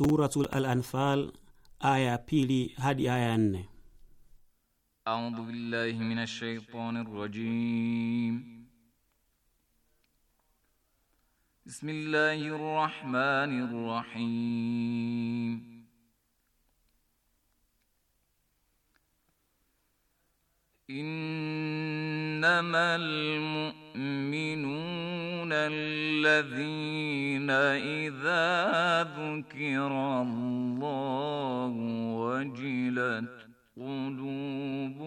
Suratul Al-Anfal aya ya pili hadi aya nne. A'udhu billahi minash shaitanir rajim. Bismillahir rahmanir rahim. إنما المؤمنون الذين إذا ذكر الله وجلت قلوبهم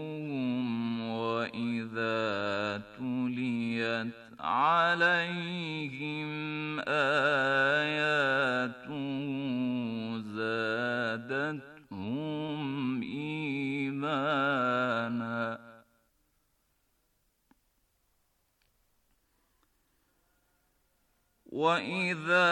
وإذا تليت عليهم وإذا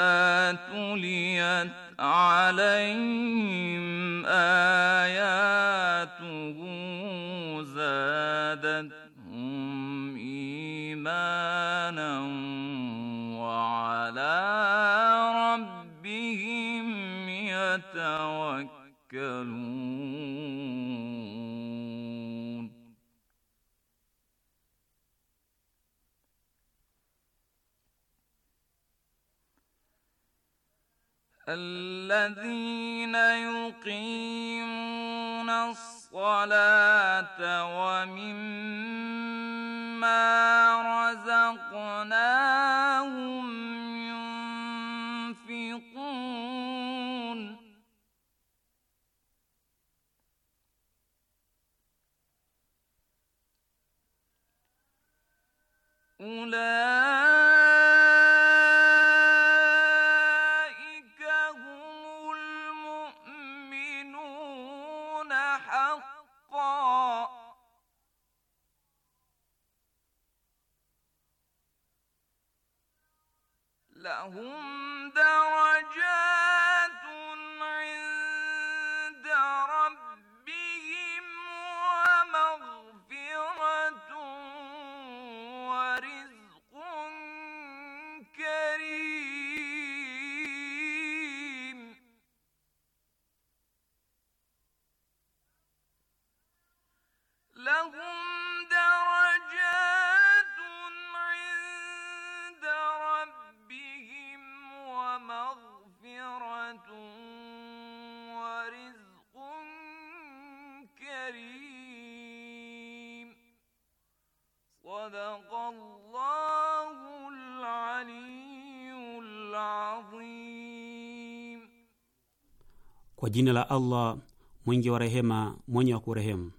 Kwa jina la Allah mwingi wa rehema, mwenye wa kurehemu.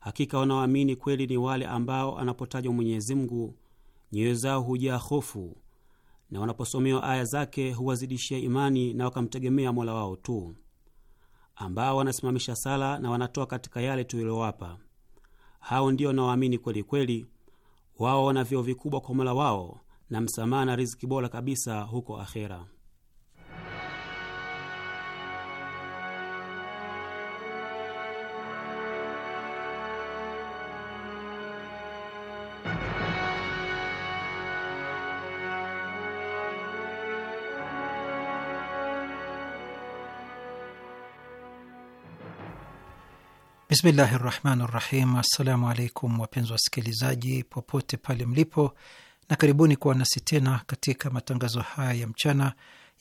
Hakika wanaoamini kweli ni wale ambao anapotajwa Mwenyezi Mungu nyoyo zao hujaa hofu na wanaposomewa aya zake huwazidishia imani na wakamtegemea mola wao tu, ambao wanasimamisha sala na wanatoa katika yale tuliyowapa. Hao ndio wanaoamini kweli kweli, wao wana vyeo vikubwa kwa mola wao na msamaha na riziki bora kabisa huko akhera. Bismillahi rahmani rahim. Assalamu alaikum wapenzi wasikilizaji popote pale mlipo, na karibuni kuwa nasi tena katika matangazo haya ya mchana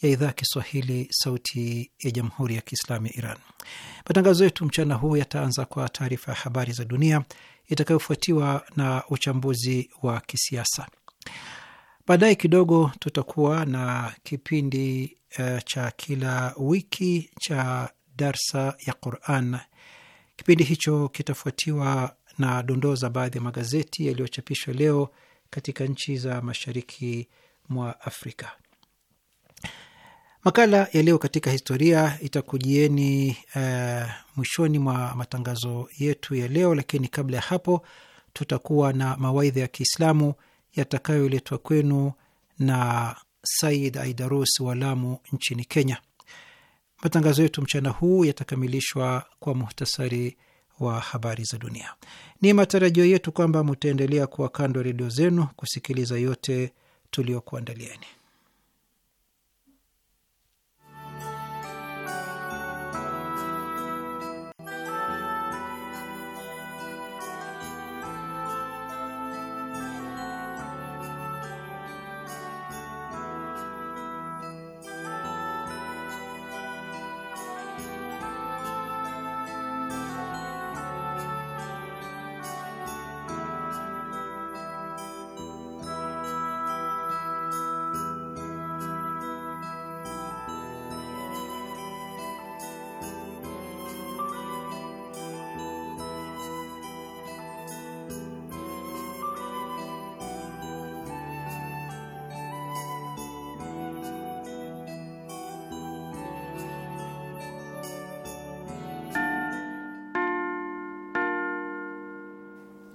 ya idhaa ya Kiswahili sauti ya jamhuri ya Kiislamu ya Iran. Matangazo yetu mchana huu yataanza kwa taarifa ya habari za dunia itakayofuatiwa na uchambuzi wa kisiasa. Baadaye kidogo tutakuwa na kipindi uh, cha kila wiki cha darsa ya Quran Kipindi hicho kitafuatiwa na dondoo za baadhi ya magazeti yaliyochapishwa leo katika nchi za mashariki mwa Afrika. Makala ya leo katika historia itakujieni uh, mwishoni mwa matangazo yetu ya leo, lakini kabla ya hapo tutakuwa na mawaidha ya Kiislamu yatakayoletwa kwenu na Said Aidarus wa Lamu nchini Kenya. Matangazo yetu mchana huu yatakamilishwa kwa muhtasari wa habari za dunia. Ni matarajio yetu kwamba mutaendelea kuwa kando redio zenu kusikiliza yote tuliokuandalieni.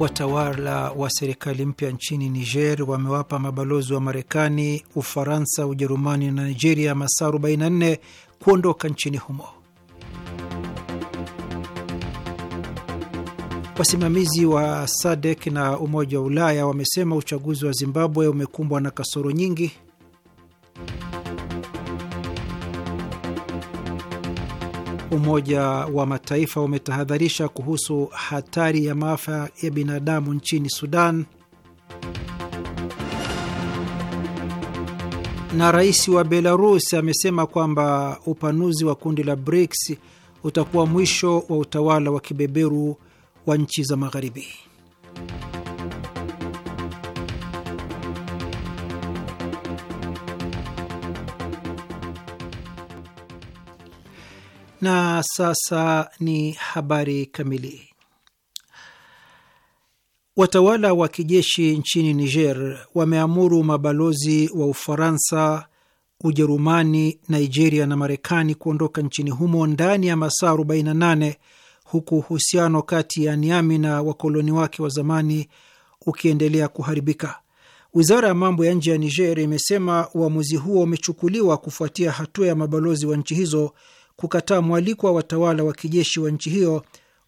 Watawala wa serikali mpya nchini Niger wamewapa mabalozi wa Marekani, Ufaransa, Ujerumani na Nigeria masaa 44 kuondoka nchini humo. Wasimamizi wa SADC na Umoja wa Ulaya wamesema uchaguzi wa Zimbabwe umekumbwa na kasoro nyingi Umoja wa Mataifa umetahadharisha kuhusu hatari ya maafa ya binadamu nchini Sudan, na rais wa Belarus amesema kwamba upanuzi wa kundi la BRICS utakuwa mwisho wa utawala wa kibeberu wa nchi za Magharibi. Na sasa ni habari kamili. Watawala wa kijeshi nchini Niger wameamuru mabalozi wa Ufaransa, Ujerumani, Nigeria na Marekani kuondoka nchini humo ndani ya masaa 48 huku uhusiano kati ya Niami na wakoloni wake wa zamani ukiendelea kuharibika. Wizara ya mambo ya nje ya Niger imesema uamuzi huo umechukuliwa kufuatia hatua ya mabalozi wa nchi hizo kukataa mwaliko wa watawala wa kijeshi wa nchi hiyo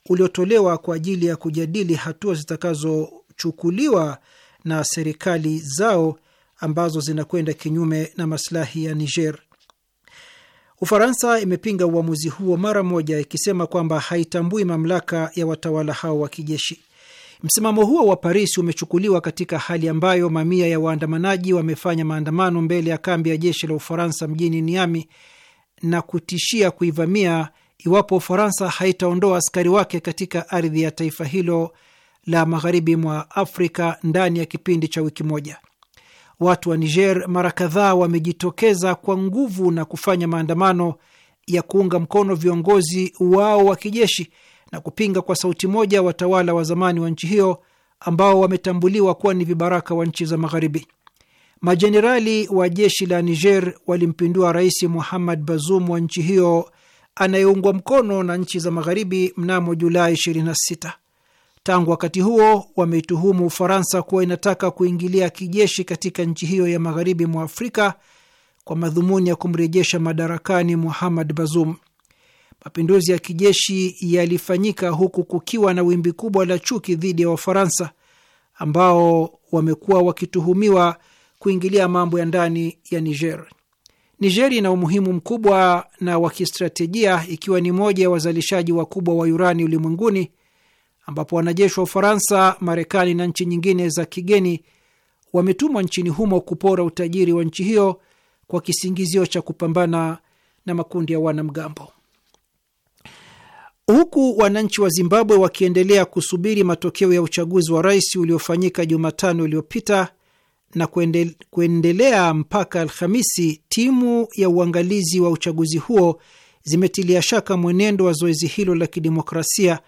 uliotolewa kwa ajili ya kujadili hatua zitakazochukuliwa na serikali zao ambazo zinakwenda kinyume na masilahi ya Niger. Ufaransa imepinga uamuzi huo mara moja, ikisema kwamba haitambui mamlaka ya watawala hao wa kijeshi. Msimamo huo wa Paris umechukuliwa katika hali ambayo mamia ya waandamanaji wamefanya maandamano mbele ya kambi ya jeshi la Ufaransa mjini Niami na kutishia kuivamia iwapo Ufaransa haitaondoa askari wake katika ardhi ya taifa hilo la magharibi mwa Afrika ndani ya kipindi cha wiki moja. Watu wa Niger mara kadhaa wamejitokeza kwa nguvu na kufanya maandamano ya kuunga mkono viongozi wao wa kijeshi na kupinga kwa sauti moja watawala wa zamani wa nchi hiyo ambao wametambuliwa kuwa ni vibaraka wa nchi za Magharibi. Majenerali wa jeshi la Niger walimpindua Rais Muhammad Bazoum wa nchi hiyo anayeungwa mkono na nchi za magharibi mnamo Julai 26. Tangu wakati huo wameituhumu Ufaransa kuwa inataka kuingilia kijeshi katika nchi hiyo ya magharibi mwa Afrika kwa madhumuni ya kumrejesha madarakani Muhammad Bazoum. Mapinduzi ya kijeshi yalifanyika huku kukiwa na wimbi kubwa la chuki dhidi ya Wafaransa ambao wamekuwa wakituhumiwa kuingilia mambo ya ndani ya Niger. Niger ina umuhimu mkubwa na wa kistratejia, ikiwa ni moja ya wazalishaji wakubwa wa urani ulimwenguni, ambapo wanajeshi wa Ufaransa, Marekani na nchi nyingine za kigeni wametumwa nchini humo kupora utajiri wa nchi hiyo kwa kisingizio cha kupambana na makundi ya wanamgambo. Huku wananchi wa Zimbabwe wakiendelea kusubiri matokeo ya uchaguzi wa rais uliofanyika Jumatano iliyopita, na kuende, kuendelea mpaka Alhamisi, timu ya uangalizi wa uchaguzi huo zimetilia shaka mwenendo wa zoezi hilo la kidemokrasia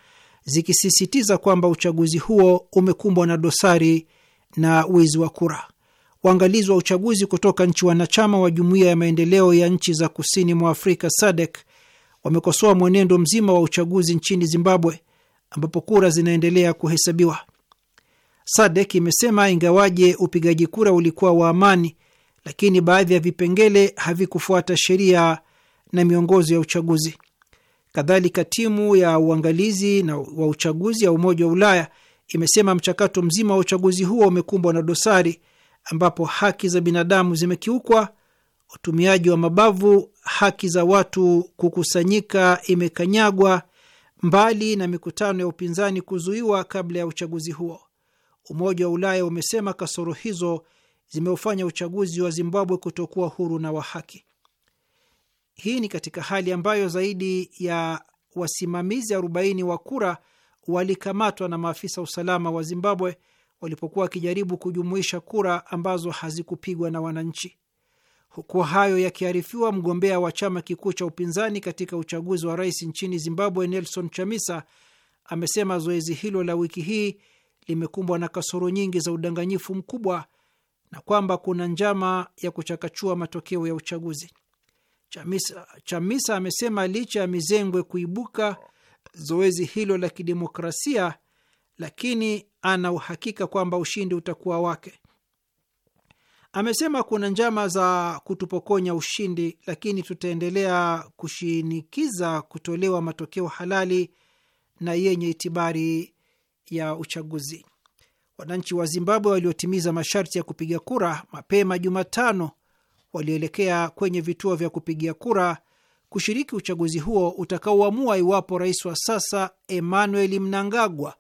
zikisisitiza kwamba uchaguzi huo umekumbwa na dosari na wizi wa kura. Waangalizi wa uchaguzi kutoka nchi wanachama wa Jumuiya ya Maendeleo ya Nchi za Kusini mwa Afrika SADC wamekosoa mwenendo mzima wa uchaguzi nchini Zimbabwe ambapo kura zinaendelea kuhesabiwa. Sadek imesema ingawaje upigaji kura ulikuwa wa amani, lakini baadhi ya vipengele havikufuata sheria na miongozo ya uchaguzi. Kadhalika, timu ya uangalizi na wa uchaguzi ya Umoja wa Ulaya imesema mchakato mzima wa uchaguzi huo umekumbwa na dosari, ambapo haki za binadamu zimekiukwa, utumiaji wa mabavu, haki za watu kukusanyika imekanyagwa, mbali na mikutano ya upinzani kuzuiwa kabla ya uchaguzi huo. Umoja wa Ulaya umesema kasoro hizo zimeufanya uchaguzi wa Zimbabwe kutokuwa huru na wa haki. Hii ni katika hali ambayo zaidi ya wasimamizi 40 wa kura walikamatwa na maafisa usalama wa Zimbabwe walipokuwa wakijaribu kujumuisha kura ambazo hazikupigwa na wananchi. Huku hayo yakiarifiwa, mgombea wa chama kikuu cha upinzani katika uchaguzi wa rais nchini Zimbabwe, Nelson Chamisa, amesema zoezi hilo la wiki hii limekumbwa na kasoro nyingi za udanganyifu mkubwa na kwamba kuna njama ya kuchakachua matokeo ya uchaguzi. Chamisa, Chamisa amesema licha ya mizengwe kuibuka zoezi hilo la kidemokrasia, lakini ana uhakika kwamba ushindi utakuwa wake. Amesema kuna njama za kutupokonya ushindi, lakini tutaendelea kushinikiza kutolewa matokeo halali na yenye itibari ya uchaguzi. Wananchi wa Zimbabwe waliotimiza masharti ya kupiga kura mapema Jumatano walielekea kwenye vituo vya kupigia kura kushiriki uchaguzi huo utakaoamua iwapo rais wa sasa Emmanuel Mnangagwa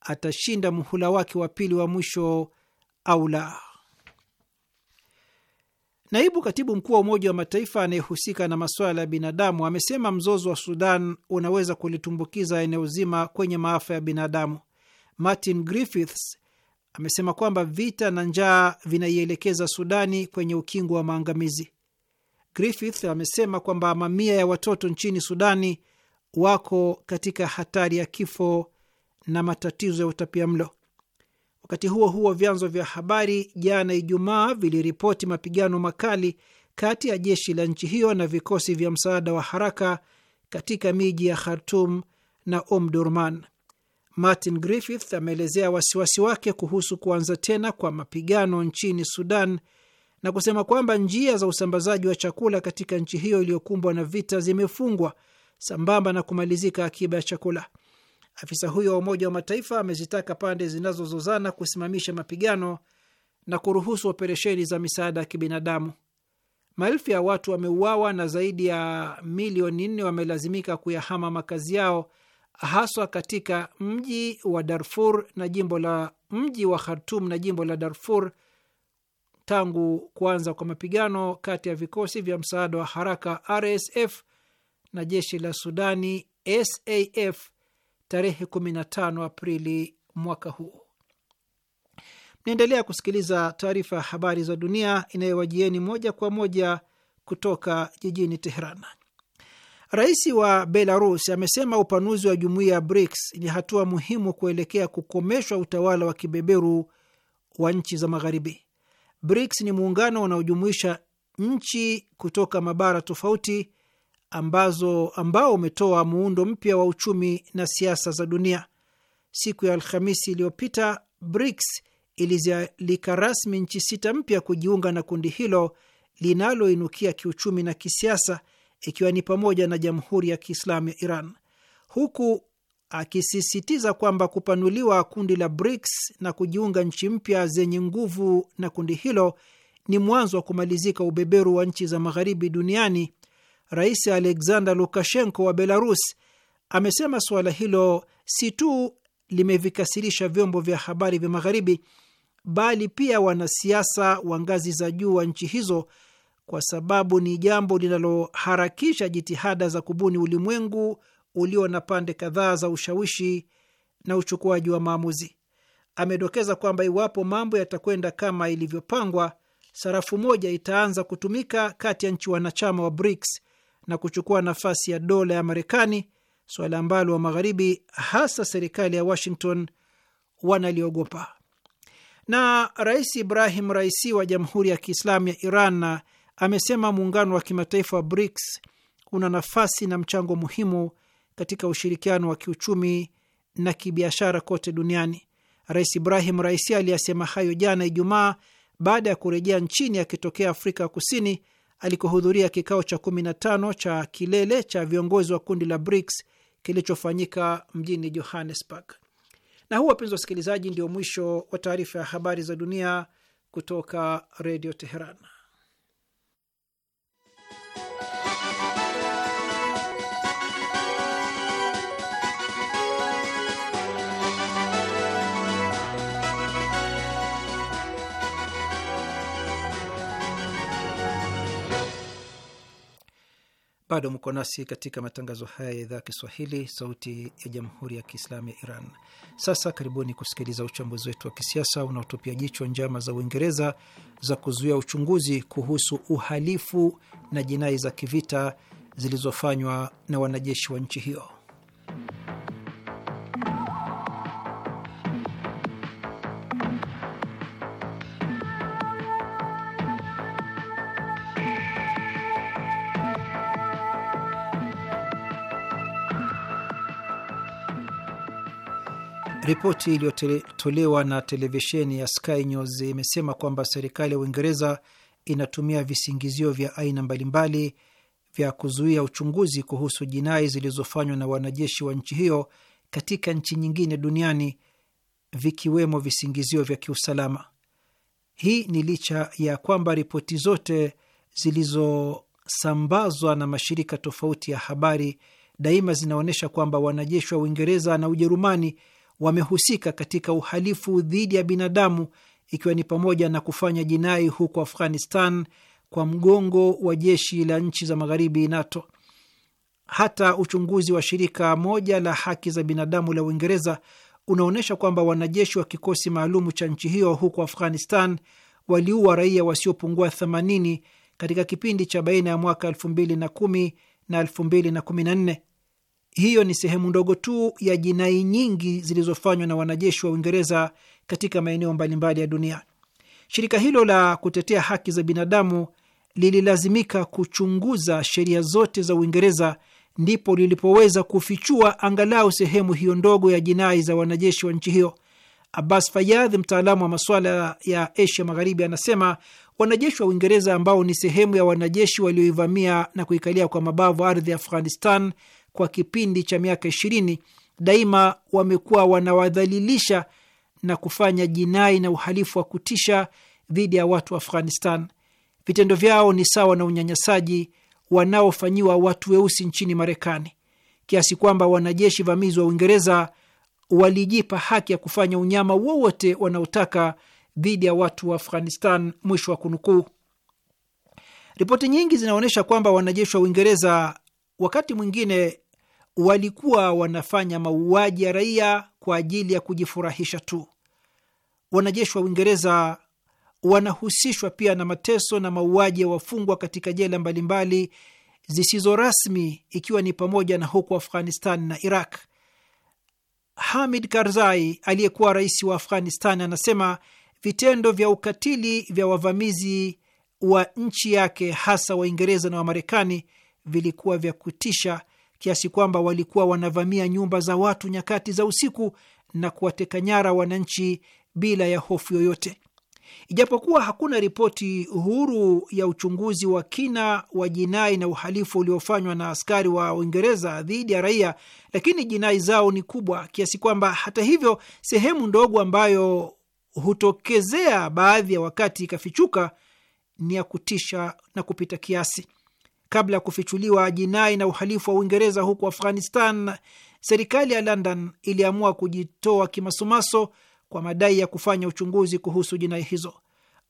atashinda muhula wake wa pili wa mwisho au la. Naibu katibu mkuu wa Umoja wa Mataifa anayehusika na masuala ya binadamu amesema mzozo wa Sudan unaweza kulitumbukiza eneo zima kwenye maafa ya binadamu. Martin Griffiths amesema kwamba vita na njaa vinaielekeza Sudani kwenye ukingo wa maangamizi. Griffiths amesema kwamba mamia ya watoto nchini Sudani wako katika hatari ya kifo na matatizo ya utapia mlo. Wakati huo huo, vyanzo vya habari jana Ijumaa viliripoti mapigano makali kati ya jeshi la nchi hiyo na vikosi vya msaada wa haraka katika miji ya Khartum na Omdurman. Martin Griffith ameelezea wasiwasi wake kuhusu kuanza tena kwa mapigano nchini Sudan na kusema kwamba njia za usambazaji wa chakula katika nchi hiyo iliyokumbwa na vita zimefungwa sambamba na kumalizika akiba ya chakula. Afisa huyo wa Umoja wa Mataifa amezitaka pande zinazozozana kusimamisha mapigano na kuruhusu operesheni za misaada ya kibinadamu. Maelfu ya watu wameuawa na zaidi ya milioni nne wamelazimika kuyahama makazi yao haswa katika mji wa Darfur na jimbo la mji wa Khartum na jimbo la Darfur tangu kuanza kwa mapigano kati ya vikosi vya msaada wa haraka RSF na jeshi la Sudani SAF tarehe 15 Aprili mwaka huu. Mnaendelea kusikiliza taarifa ya habari za dunia inayowajieni moja kwa moja kutoka jijini Teheran. Rais wa Belarus amesema upanuzi wa jumuiya ya BRICS ni hatua muhimu kuelekea kukomeshwa utawala wa kibeberu wa nchi za Magharibi. BRICS ni muungano unaojumuisha nchi kutoka mabara tofauti ambazo ambao umetoa muundo mpya wa uchumi na siasa za dunia. Siku ya Alhamisi iliyopita BRICS ilizialika rasmi nchi sita mpya kujiunga na kundi hilo linaloinukia kiuchumi na kisiasa ikiwa ni pamoja na Jamhuri ya Kiislamu ya Iran, huku akisisitiza kwamba kupanuliwa kundi la BRICS na kujiunga nchi mpya zenye nguvu na kundi hilo ni mwanzo wa kumalizika ubeberu wa nchi za magharibi duniani. Rais Alexander Lukashenko wa Belarus amesema suala hilo si tu limevikasirisha vyombo vya habari vya magharibi bali pia wanasiasa wa ngazi za juu wa nchi hizo kwa sababu ni jambo linaloharakisha jitihada za kubuni ulimwengu ulio na pande kadhaa za ushawishi na uchukuaji wa maamuzi. Amedokeza kwamba iwapo mambo yatakwenda kama ilivyopangwa, sarafu moja itaanza kutumika kati ya nchi wanachama wa BRICS na kuchukua nafasi ya dola ya Marekani, suala ambalo wa Magharibi, hasa serikali ya Washington, wanaliogopa. Na Rais Ibrahim Raisi wa Jamhuri ya Kiislamu ya Iran amesema muungano wa kimataifa wa BRICS una nafasi na mchango muhimu katika ushirikiano wa kiuchumi na kibiashara kote duniani. Rais Ibrahim Raisi aliyasema hayo jana Ijumaa baada ya kurejea nchini akitokea Afrika Kusini alikohudhuria kikao cha 15 cha kilele cha viongozi wa kundi la BRICS kilichofanyika mjini Johannesburg. Na huu, wapenzi wasikilizaji, ndio mwisho wa taarifa ya habari za dunia kutoka Redio Teheran. Bado mko nasi katika matangazo haya ya idhaa ya Kiswahili, sauti ya jamhuri ya kiislamu ya Iran. Sasa karibuni kusikiliza uchambuzi wetu wa kisiasa unaotupia jicho njama za Uingereza za kuzuia uchunguzi kuhusu uhalifu na jinai za kivita zilizofanywa na wanajeshi wa nchi hiyo. Ripoti iliyotolewa na televisheni ya Sky News imesema kwamba serikali ya Uingereza inatumia visingizio vya aina mbalimbali vya kuzuia uchunguzi kuhusu jinai zilizofanywa na wanajeshi wa nchi hiyo katika nchi nyingine duniani vikiwemo visingizio vya kiusalama. Hii ni licha ya kwamba ripoti zote zilizosambazwa na mashirika tofauti ya habari daima zinaonyesha kwamba wanajeshi wa Uingereza na Ujerumani wamehusika katika uhalifu dhidi ya binadamu ikiwa ni pamoja na kufanya jinai huko Afghanistan kwa mgongo wa jeshi la nchi za magharibi NATO. Hata uchunguzi wa shirika moja la haki za binadamu la Uingereza unaonyesha kwamba wanajeshi wa kikosi maalum cha nchi hiyo huko Afghanistan waliua raia wasiopungua 80 katika kipindi cha baina ya mwaka 2010 na 2014 hiyo ni sehemu ndogo tu ya jinai nyingi zilizofanywa na wanajeshi wa Uingereza katika maeneo mbalimbali ya dunia. Shirika hilo la kutetea haki za binadamu lililazimika kuchunguza sheria zote za Uingereza ndipo lilipoweza kufichua angalau sehemu hiyo ndogo ya jinai za wanajeshi wa nchi hiyo. Abbas Fayadh, mtaalamu wa masuala ya Asia Magharibi, anasema wanajeshi wa Uingereza ambao ni sehemu ya wanajeshi walioivamia na kuikalia kwa mabavu ardhi ya Afghanistan kwa kipindi cha miaka ishirini daima wamekuwa wanawadhalilisha na kufanya jinai na uhalifu wa kutisha dhidi ya watu wa Afghanistan. Vitendo vyao ni sawa na unyanyasaji wanaofanyiwa watu weusi nchini Marekani, kiasi kwamba wanajeshi vamizi wa Uingereza walijipa haki ya kufanya unyama wowote wanaotaka dhidi ya watu wa Afghanistan. Mwisho wa kunukuu. Ripoti nyingi zinaonyesha kwamba wanajeshi wa Uingereza wakati mwingine walikuwa wanafanya mauaji ya raia kwa ajili ya kujifurahisha tu. Wanajeshi wa Uingereza wanahusishwa pia na mateso na mauaji ya wafungwa katika jela mbalimbali zisizo rasmi, ikiwa ni pamoja na huko Afghanistan na Iraq. Hamid Karzai aliyekuwa rais wa Afghanistan anasema vitendo vya ukatili vya wavamizi wa nchi yake hasa Waingereza na Wamarekani vilikuwa vya kutisha kiasi kwamba walikuwa wanavamia nyumba za watu nyakati za usiku na kuwateka nyara wananchi bila ya hofu yoyote. Ijapokuwa hakuna ripoti huru ya uchunguzi wa kina wa jinai na uhalifu uliofanywa na askari wa Uingereza dhidi ya raia, lakini jinai zao ni kubwa kiasi kwamba hata hivyo, sehemu ndogo ambayo hutokezea baadhi ya wakati ikafichuka ni ya kutisha na kupita kiasi kabla ya kufichuliwa jinai na uhalifu wa Uingereza huko Afghanistan, serikali ya London iliamua kujitoa kimasumaso kwa madai ya kufanya uchunguzi kuhusu jinai hizo.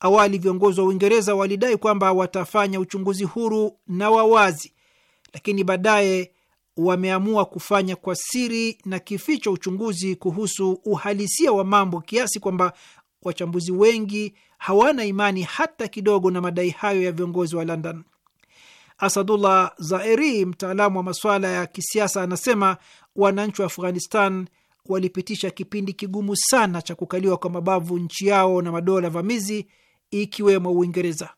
Awali viongozi wa Uingereza walidai kwamba watafanya uchunguzi huru na wawazi, lakini baadaye wameamua kufanya kwa siri na kificho uchunguzi kuhusu uhalisia wa mambo, kiasi kwamba wachambuzi wengi hawana imani hata kidogo na madai hayo ya viongozi wa London. Asadullah Zaeri, mtaalamu wa masuala ya kisiasa, anasema wananchi wa Afghanistan walipitisha kipindi kigumu sana cha kukaliwa kwa mabavu nchi yao na madola vamizi ikiwemo Uingereza.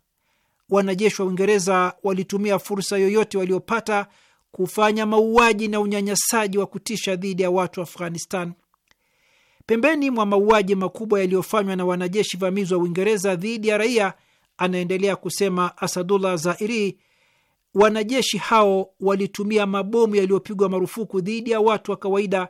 Wanajeshi wa Uingereza walitumia fursa yoyote waliopata kufanya mauaji na unyanyasaji wa kutisha dhidi ya watu wa Afghanistan. Pembeni mwa mauaji makubwa yaliyofanywa na wanajeshi vamizi wa Uingereza dhidi ya raia, anaendelea kusema Asadullah Zairi, wanajeshi hao walitumia mabomu yaliyopigwa marufuku dhidi ya watu wa kawaida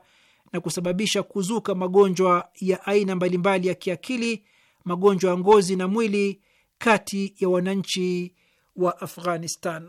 na kusababisha kuzuka magonjwa ya aina mbalimbali ya kiakili, magonjwa ya ngozi na mwili kati ya wananchi wa Afghanistan.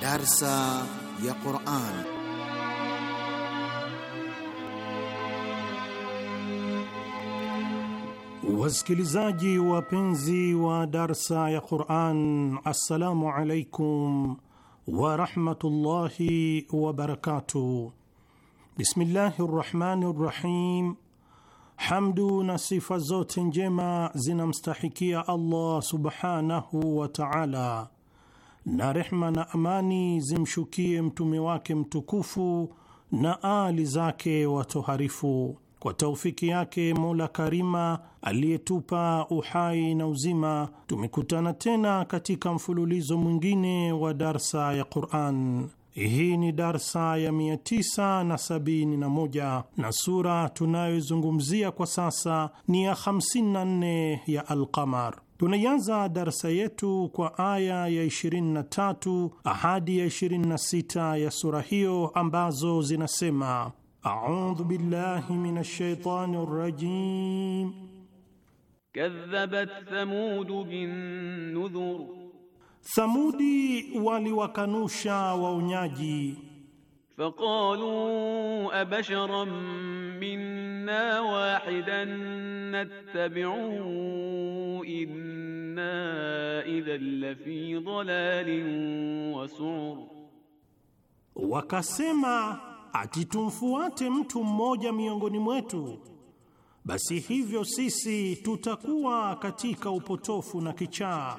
درس يقرآن Wasikilizaji wapenzi wa darsa ya Quran, assalamu alaikum warahmatullahi wabarakatuh. Bismillahi rahmani rahim Hamdu na sifa zote njema zinamstahikia Allah subhanahu wa taala, na rehma na amani zimshukie mtume wake mtukufu na ali zake watoharifu. Kwa taufiki yake Mola Karima aliyetupa uhai na uzima, tumekutana tena katika mfululizo mwingine wa darsa ya Quran. Hii ni darsa ya 971 na, na sura tunayozungumzia kwa sasa ni ya 54 ya Alqamar. Tunaianza darsa yetu kwa aya ya 23 hadi ya 26 ya sura hiyo ambazo zinasema: audhu billahi minash shaitani rajim kadhabat thamud bin Samudi waliwakanusha waonyaji, faqalu abasharan minna wahidan nattabi'u inna idhan lafi dhalalin wa sur, wakasema ati tumfuate mtu mmoja miongoni mwetu, basi hivyo sisi tutakuwa katika upotofu na kichaa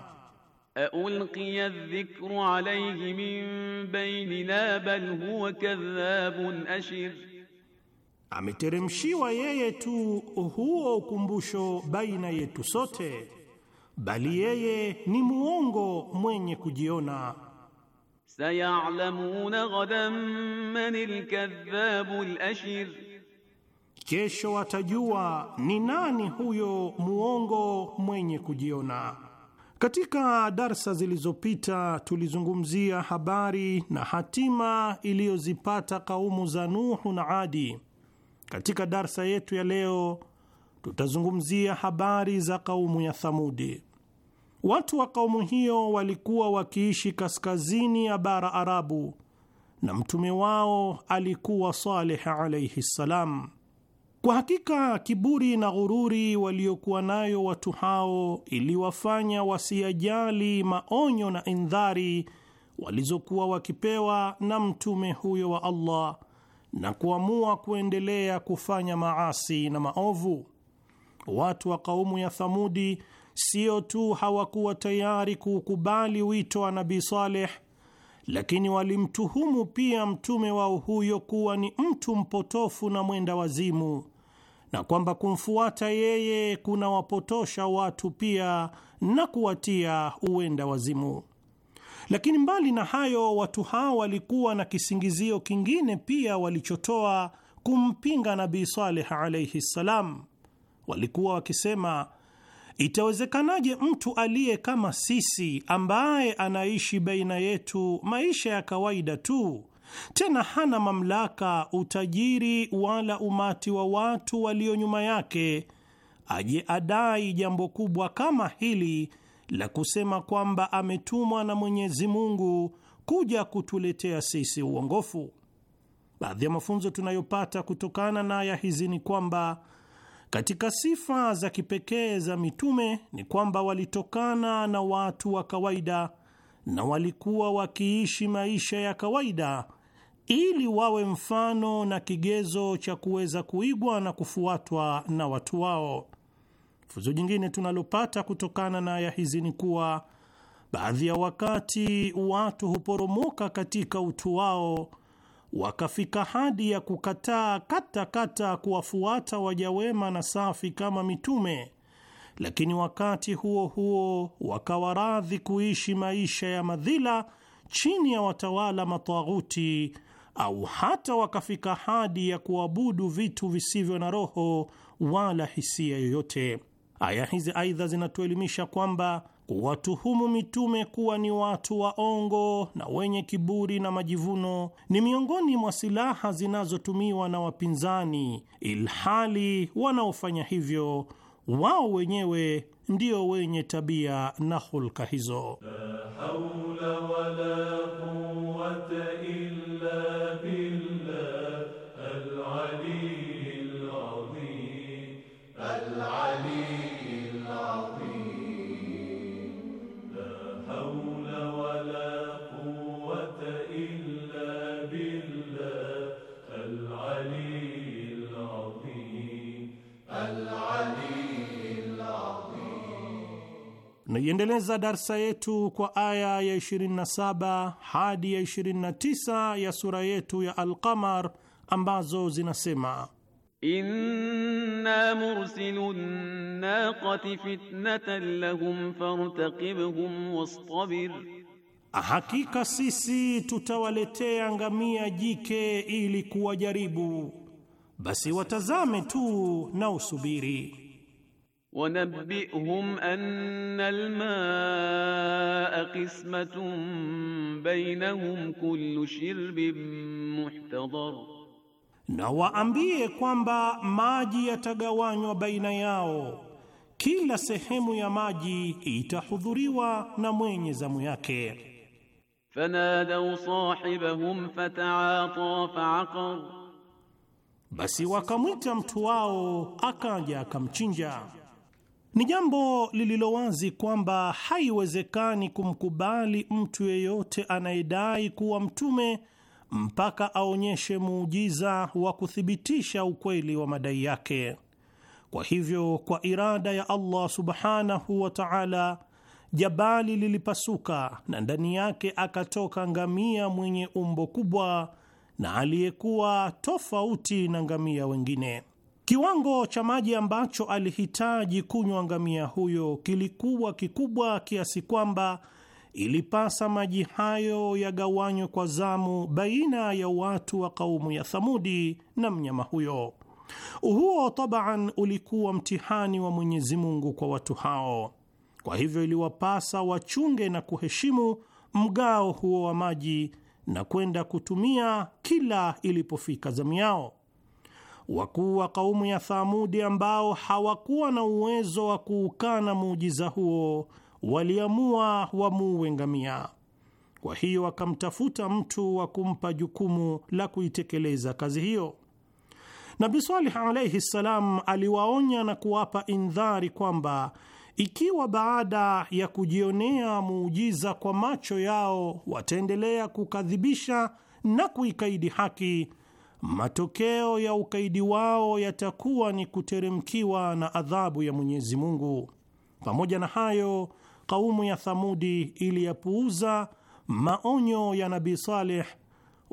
ألقي الذكر عليه من بيننا بل هو كذاب أشر ameteremshiwa yeye tu huo ukumbusho baina yetu sote, bali yeye ni muongo mwenye kujiona. Sayalamuna ghadan man alkadhabu alashir, kesho watajua ni nani huyo muongo mwenye kujiona. Katika darsa zilizopita tulizungumzia habari na hatima iliyozipata kaumu za Nuhu na Adi. Katika darsa yetu ya leo tutazungumzia habari za kaumu ya Thamudi. Watu wa kaumu hiyo walikuwa wakiishi kaskazini ya bara Arabu, na mtume wao alikuwa Saleh alaihi ssalam. Kwa hakika kiburi na ghururi waliokuwa nayo watu hao iliwafanya wasiyajali maonyo na indhari walizokuwa wakipewa na mtume huyo wa Allah na kuamua kuendelea kufanya maasi na maovu. Watu wa kaumu ya Thamudi sio tu hawakuwa tayari kuukubali wito wa Nabii Saleh lakini walimtuhumu pia mtume wao huyo kuwa ni mtu mpotofu na mwenda wazimu, na kwamba kumfuata yeye kunawapotosha watu pia na kuwatia uwenda wazimu. Lakini mbali na hayo, watu hao walikuwa na kisingizio kingine pia walichotoa kumpinga Nabii Saleh alaihi ssalam. Walikuwa wakisema Itawezekanaje mtu aliye kama sisi ambaye anaishi baina yetu maisha ya kawaida tu, tena hana mamlaka, utajiri wala umati wa watu walio nyuma yake, aje adai jambo kubwa kama hili la kusema kwamba ametumwa na Mwenyezi Mungu kuja kutuletea sisi uongofu? Baadhi ya mafunzo tunayopata kutokana na aya hizi ni kwamba katika sifa za kipekee za mitume ni kwamba walitokana na watu wa kawaida na walikuwa wakiishi maisha ya kawaida ili wawe mfano na kigezo cha kuweza kuigwa na kufuatwa na watu wao. Funzo jingine tunalopata kutokana na aya hizi ni kuwa baadhi ya wakati watu huporomoka katika utu wao wakafika hadi ya kukataa katakata kuwafuata waja wema na safi kama mitume, lakini wakati huo huo wakawaradhi kuishi maisha ya madhila chini ya watawala mataghuti, au hata wakafika hadi ya kuabudu vitu visivyo na roho wala hisia yoyote. Aya hizi aidha zinatuelimisha kwamba Kuwatuhumu mitume kuwa ni watu waongo na wenye kiburi na majivuno ni miongoni mwa silaha zinazotumiwa na wapinzani, ilhali wanaofanya hivyo wao wenyewe ndio wenye tabia na hulka hizo. La Tunaiendeleza darsa yetu kwa aya ya 27 hadi ya 29 ya sura yetu ya Alqamar ambazo zinasema: inna mursilu naqati fitnatan lahum fartaqibhum wastabir, hakika sisi tutawaletea ngamia jike ili kuwajaribu, basi watazame tu na usubiri. ونبئهم أن الماء قسمة بينهم كل شرب muhtadar, na waambie kwamba maji yatagawanywa baina yao, kila sehemu ya maji itahudhuriwa na mwenye zamu yake. Fanadau sahibahum fataata faaqar, basi wakamwita mtu wao akaja akamchinja. Ni jambo lililowazi kwamba haiwezekani kumkubali mtu yeyote anayedai kuwa mtume mpaka aonyeshe muujiza wa kuthibitisha ukweli wa madai yake. Kwa hivyo, kwa irada ya Allah subhanahu wa ta'ala, jabali lilipasuka na ndani yake akatoka ngamia mwenye umbo kubwa na aliyekuwa tofauti na ngamia wengine. Kiwango cha maji ambacho alihitaji kunywa ngamia huyo kilikuwa kikubwa kiasi kwamba ilipasa maji hayo yagawanywe kwa zamu baina ya watu wa kaumu ya Thamudi na mnyama huyo. Huo tabaan ulikuwa mtihani wa Mwenyezi Mungu kwa watu hao. Kwa hivyo iliwapasa wachunge na kuheshimu mgao huo wa maji na kwenda kutumia kila ilipofika zamu yao wakuu wa kaumu ya Thamudi ambao hawakuwa na uwezo wa kuukana muujiza huo waliamua wamuue ngamia. Kwa hiyo wakamtafuta mtu wa kumpa jukumu la kuitekeleza kazi hiyo. Nabi Salih alaihi ssalam aliwaonya na kuwapa indhari kwamba ikiwa baada ya kujionea muujiza kwa macho yao wataendelea kukadhibisha na kuikaidi haki matokeo ya ukaidi wao yatakuwa ni kuteremkiwa na adhabu ya Mwenyezi Mungu. Pamoja na hayo, kaumu ya Thamudi iliyapuuza maonyo ya Nabii Saleh,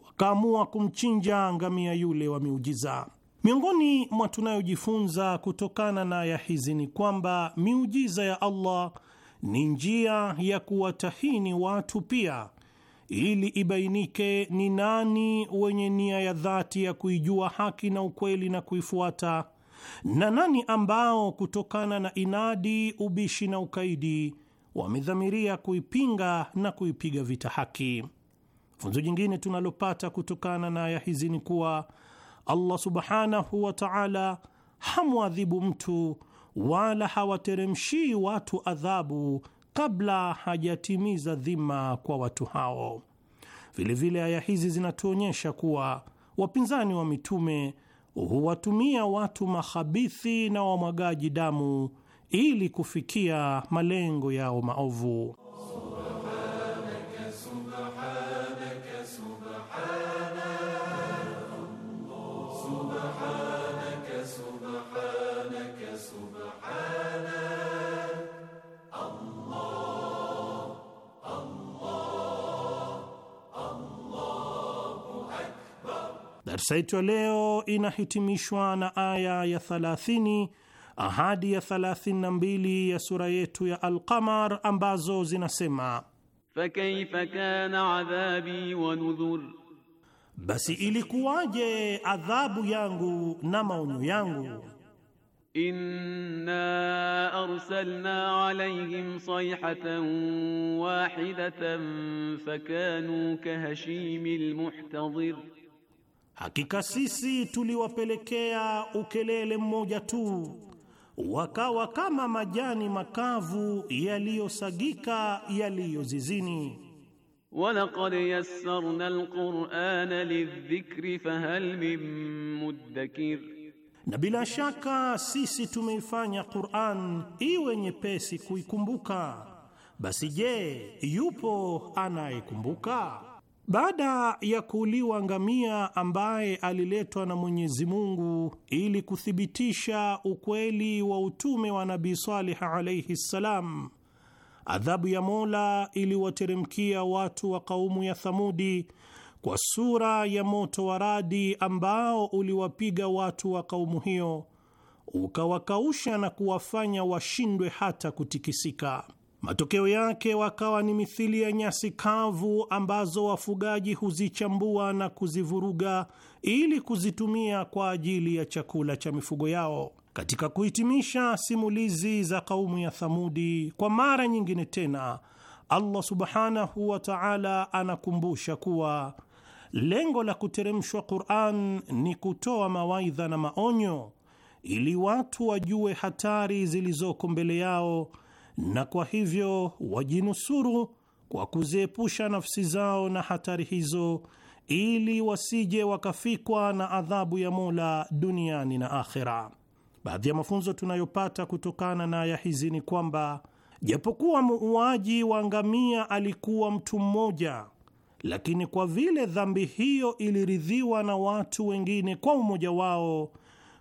wakaamua kumchinja ngamia yule wa miujiza. Miongoni mwa tunayojifunza kutokana na aya hizi ni kwamba miujiza ya Allah ni njia ya kuwatahini watu pia ili ibainike ni nani wenye nia ya dhati ya kuijua haki na ukweli na kuifuata, na nani ambao kutokana na inadi, ubishi na ukaidi wamedhamiria kuipinga na kuipiga vita haki. Funzo jingine tunalopata kutokana na aya hizi ni kuwa Allah subhanahu wa ta'ala hamwadhibu mtu wala hawateremshii watu adhabu kabla hajatimiza dhima kwa watu hao. Vilevile aya hizi zinatuonyesha kuwa wapinzani wa mitume huwatumia watu makhabithi na wamwagaji damu ili kufikia malengo yao maovu. Darsa yetu ya leo inahitimishwa na aya ya 30 ahadi ya 32 ya sura yetu ya Alqamar ambazo zinasema fakaifa kana adhabi wa nudhur, basi ilikuwaje adhabu yangu na maonyo yangu. Inna arsalna alayhim sayhatan wahidatan fakanu kahashimil muhtadhir Hakika sisi tuliwapelekea ukelele mmoja tu, wakawa kama majani makavu yaliyosagika yaliyozizini. Walaqad yassarna alqur'ana lidhikri fahal min muddakir, na bila shaka sisi tumeifanya Qur'an iwe nyepesi kuikumbuka, basi je, yupo anayekumbuka? Baada ya kuuliwa ngamia ambaye aliletwa na Mwenyezi Mungu ili kuthibitisha ukweli wa utume wa Nabii Saleh alaihi ssalam, adhabu ya Mola iliwateremkia watu wa kaumu ya Thamudi kwa sura ya moto wa radi ambao uliwapiga watu wa kaumu hiyo ukawakausha na kuwafanya washindwe hata kutikisika. Matokeo yake wakawa ni mithili ya nyasi kavu ambazo wafugaji huzichambua na kuzivuruga ili kuzitumia kwa ajili ya chakula cha mifugo yao. Katika kuhitimisha simulizi za kaumu ya Thamudi, kwa mara nyingine tena Allah subhanahu wa ta'ala anakumbusha kuwa lengo la kuteremshwa Qur'an ni kutoa mawaidha na maonyo ili watu wajue hatari zilizoko mbele yao na kwa hivyo wajinusuru kwa kuziepusha nafsi zao na hatari hizo, ili wasije wakafikwa na adhabu ya Mola duniani na akhera. Baadhi ya mafunzo tunayopata kutokana na aya hizi ni kwamba japokuwa muuaji wa ngamia alikuwa mtu mmoja, lakini kwa vile dhambi hiyo iliridhiwa na watu wengine kwa umoja wao,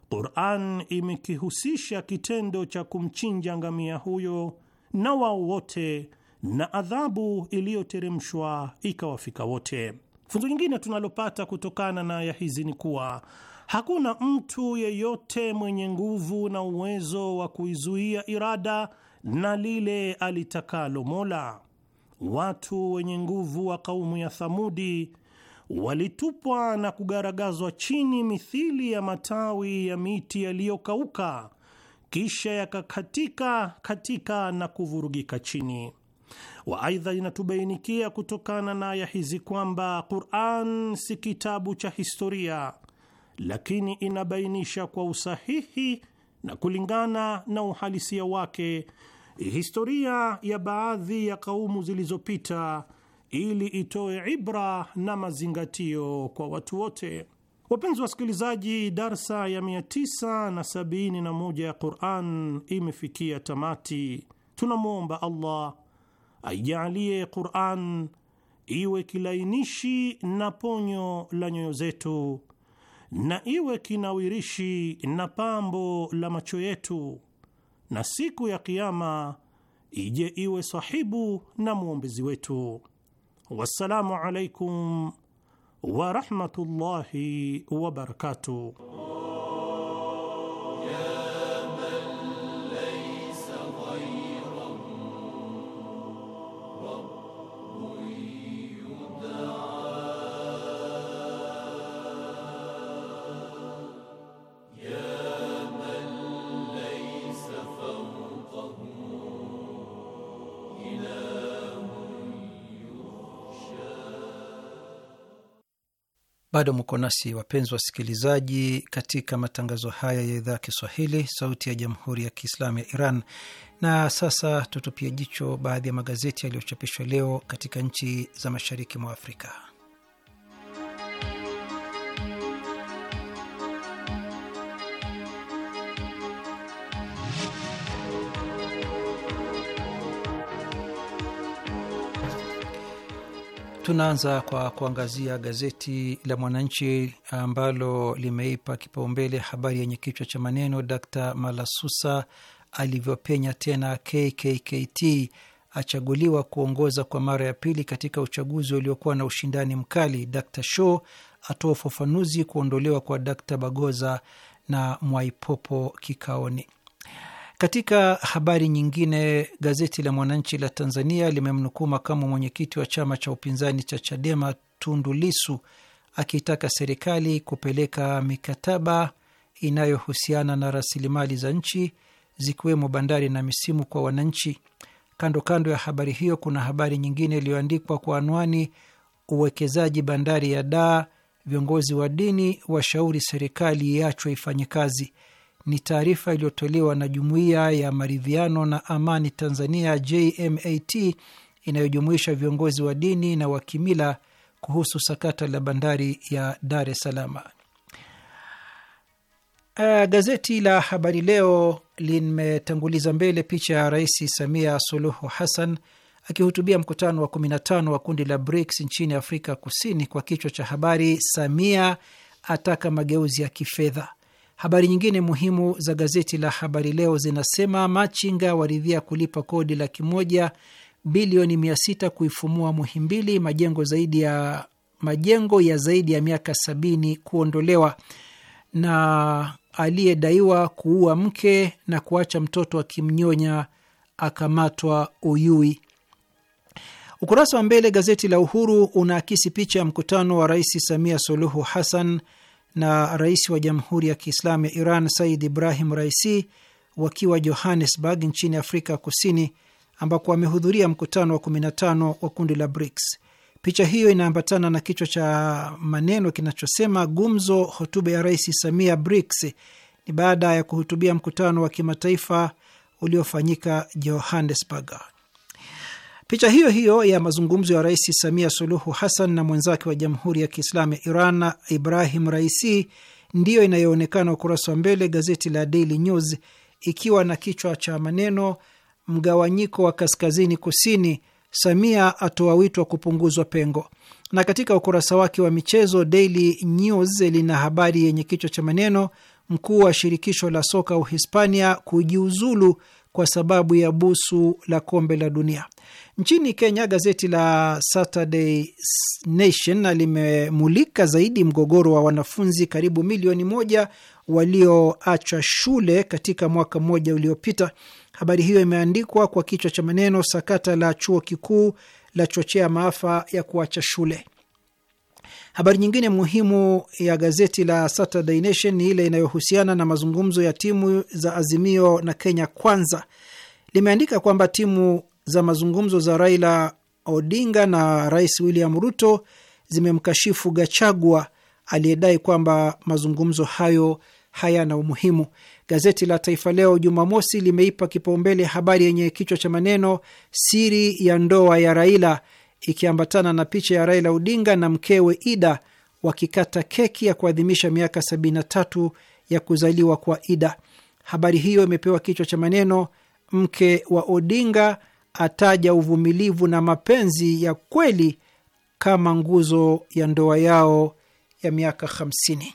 Qur'an imekihusisha kitendo cha kumchinja ngamia huyo na wao wote, na adhabu iliyoteremshwa ikawafika wote. Funzo nyingine tunalopata kutokana na aya hizi ni kuwa hakuna mtu yeyote mwenye nguvu na uwezo wa kuizuia irada na lile alitakalo Mola. Watu wenye nguvu wa kaumu ya Thamudi walitupwa na kugaragazwa chini mithili ya matawi ya miti yaliyokauka kisha yakakatika katika na kuvurugika chini. wa Aidha, inatubainikia kutokana na aya hizi kwamba Quran si kitabu cha historia, lakini inabainisha kwa usahihi na kulingana na uhalisia wake historia ya baadhi ya kaumu zilizopita ili itoe ibra na mazingatio kwa watu wote. Wapenzi wasikilizaji, darsa ya 971 ya Quran imefikia tamati. Tunamwomba Allah aijalie Quran iwe kilainishi na ponyo la nyoyo zetu na iwe kinawirishi na pambo la macho yetu, na siku ya Kiama ije iwe sahibu na mwombezi wetu. Wassalamu alaikum ورحمه الله وبركاته Bado mko nasi wapenzi wasikilizaji, katika matangazo haya ya idhaa Kiswahili sauti ya jamhuri ya Kiislamu ya Iran. Na sasa tutupie jicho baadhi ya magazeti yaliyochapishwa leo katika nchi za mashariki mwa Afrika. Tunaanza kwa kuangazia gazeti la Mwananchi ambalo limeipa kipaumbele habari yenye kichwa cha maneno Dkt Malasusa alivyopenya tena KKKT achaguliwa kuongoza kwa mara ya pili katika uchaguzi uliokuwa na ushindani mkali. Dkt Shaw atoa ufafanuzi kuondolewa kwa Dkt Bagoza na Mwaipopo kikaoni. Katika habari nyingine, gazeti la Mwananchi la Tanzania limemnukuu makamu mwenyekiti wa chama cha upinzani cha Chadema Tundu Lisu akiitaka serikali kupeleka mikataba inayohusiana na rasilimali za nchi zikiwemo bandari na misimu kwa wananchi. Kando kando ya habari hiyo kuna habari nyingine iliyoandikwa kwa anwani uwekezaji bandari ya Dar, viongozi wa dini washauri serikali iachwe ifanye kazi ni taarifa iliyotolewa na Jumuiya ya Maridhiano na Amani Tanzania, JMAT, inayojumuisha viongozi wa dini na wa kimila kuhusu sakata la bandari ya Dar es Salaam. Uh, gazeti la Habari Leo limetanguliza mbele picha ya Rais Samia Suluhu Hassan akihutubia mkutano wa 15 wa kundi la BRICS nchini Afrika Kusini kwa kichwa cha habari, Samia ataka mageuzi ya kifedha. Habari nyingine muhimu za gazeti la Habari Leo zinasema machinga waridhia kulipa kodi laki moja bilioni mia sita kuifumua Muhimbili, majengo zaidi ya majengo ya zaidi ya miaka sabini kuondolewa, na aliyedaiwa kuua mke na kuacha mtoto akimnyonya akamatwa Uyui. Ukurasa wa mbele gazeti la Uhuru unaakisi picha ya mkutano wa Rais Samia Suluhu Hassan na rais wa Jamhuri ya Kiislamu ya Iran Said Ibrahim Raisi wakiwa Johannesburg nchini Afrika Kusini, ambako wamehudhuria mkutano wa 15 wa kundi la BRICS. Picha hiyo inaambatana na kichwa cha maneno kinachosema gumzo, hotuba ya Rais Samia BRICS. Ni baada ya kuhutubia mkutano wa kimataifa uliofanyika Johannesburg. Picha hiyo hiyo ya mazungumzo ya Rais Samia Suluhu Hassan na mwenzake wa Jamhuri ya Kiislamu ya Iran, Ibrahim Raisi, ndiyo inayoonekana ukurasa wa mbele gazeti la Daily News ikiwa na kichwa cha maneno mgawanyiko wa kaskazini kusini, Samia atoa wito wa kupunguzwa pengo. Na katika ukurasa wake wa michezo, Daily News lina habari yenye kichwa cha maneno mkuu wa shirikisho la soka Uhispania kujiuzulu kwa sababu ya busu la kombe la dunia. Nchini Kenya, gazeti la Saturday Nation limemulika zaidi mgogoro wa wanafunzi karibu milioni moja walioacha shule katika mwaka mmoja uliopita. Habari hiyo imeandikwa kwa kichwa cha maneno, sakata la chuo kikuu la chochea maafa ya kuacha shule. Habari nyingine muhimu ya gazeti la Saturday Nation ni ile inayohusiana na mazungumzo ya timu za Azimio na Kenya Kwanza. Limeandika kwamba timu za mazungumzo za Raila Odinga na Rais William Ruto zimemkashifu Gachagua aliyedai kwamba mazungumzo hayo hayana umuhimu. Gazeti la Taifa Leo Jumamosi limeipa kipaumbele habari yenye kichwa cha maneno siri ya ndoa ya Raila ikiambatana na picha ya Raila Odinga na mkewe Ida wakikata keki ya kuadhimisha miaka 73 ya kuzaliwa kwa Ida. Habari hiyo imepewa kichwa cha maneno, mke wa Odinga ataja uvumilivu na mapenzi ya kweli kama nguzo ya ndoa yao ya miaka 50.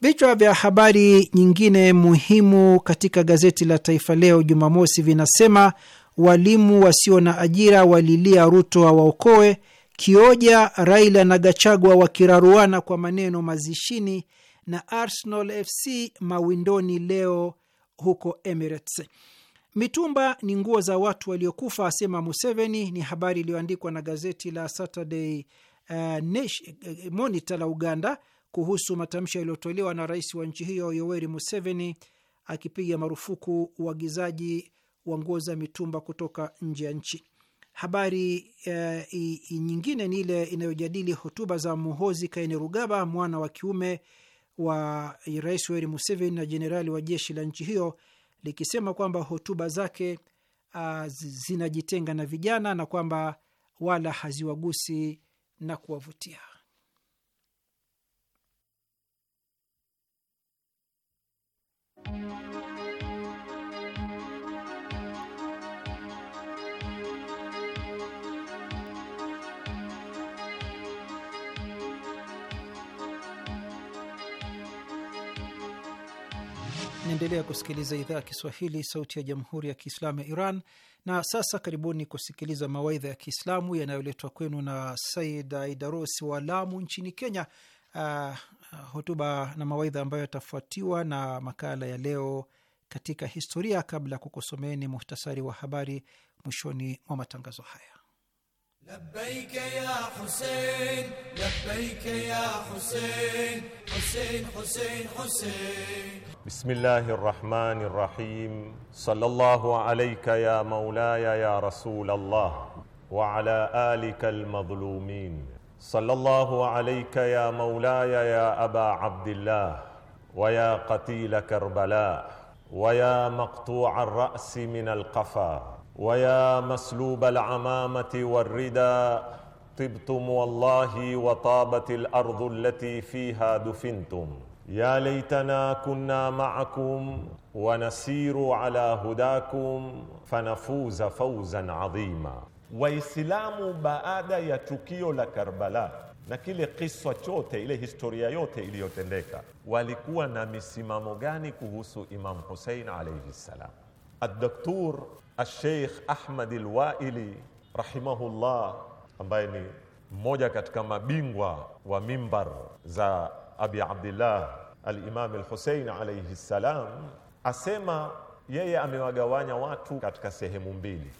Vichwa vya habari nyingine muhimu katika gazeti la Taifa Leo Jumamosi vinasema walimu wasio na ajira walilia Ruto awaokoe kioja Raila na Gachagua wakiraruana kwa maneno mazishini, na Arsenal FC mawindoni leo huko Emirates. Mitumba ni nguo za watu waliokufa, asema Museveni, ni habari iliyoandikwa na gazeti la Saturday uh, Monitor la Uganda kuhusu matamshi yaliyotolewa na rais wa nchi hiyo Yoweri Museveni akipiga marufuku uagizaji wa nguo za mitumba kutoka nje ya nchi. Habari e, i, nyingine ni ile inayojadili hotuba za Muhozi Kainerugaba, mwana wa kiume wa Rais Yoweri Museveni na jenerali wa jeshi la nchi hiyo, likisema kwamba hotuba zake a, ah, zinajitenga na vijana na kwamba wala haziwagusi na kuwavutia. Mnaendelea kusikiliza idhaa ya Kiswahili, sauti ya jamhuri ya kiislamu ya Iran. Na sasa karibuni kusikiliza mawaidha ya Kiislamu yanayoletwa kwenu na Said Aidarosi wa Lamu nchini Kenya. Uh, hotuba na mawaidha ambayo yatafuatiwa na makala ya leo katika historia, kabla ya kukusomeeni muhtasari wa habari mwishoni mwa matangazo haya. لبيك يا حسين لبيك يا حسين حسين حسين حسين بسم الله الرحمن الرحيم صلى الله عليك يا مولاي يا رسول الله وعلى آلك المظلومين صلى الله عليك يا مولاي يا أبا عبد الله ويا قتيل كربلاء ويا مقطوع الرأس من القفا ويا مسلوب العمامة والردا طبتم والله وطابت الأرض التي فيها دفنتم يا ليتنا كنا معكم ونسير على هداكم فنفوز فوزا عظيما وإسلام بعد يتوكيو لكربلاء نكيل قصة يوتي إلي هستوريا يوتي إلي يوتنديكا ولكوانا مسيمامو غاني كهوسو إمام حسين عليه السلام الدكتور Asheikh Ahmad Alwaili rahimahullah, ambaye ni mmoja katika mabingwa wa mimbar za Abi Abdillah Alimam Alhusein alayhi ssalam, asema yeye amewagawanya watu katika sehemu mbili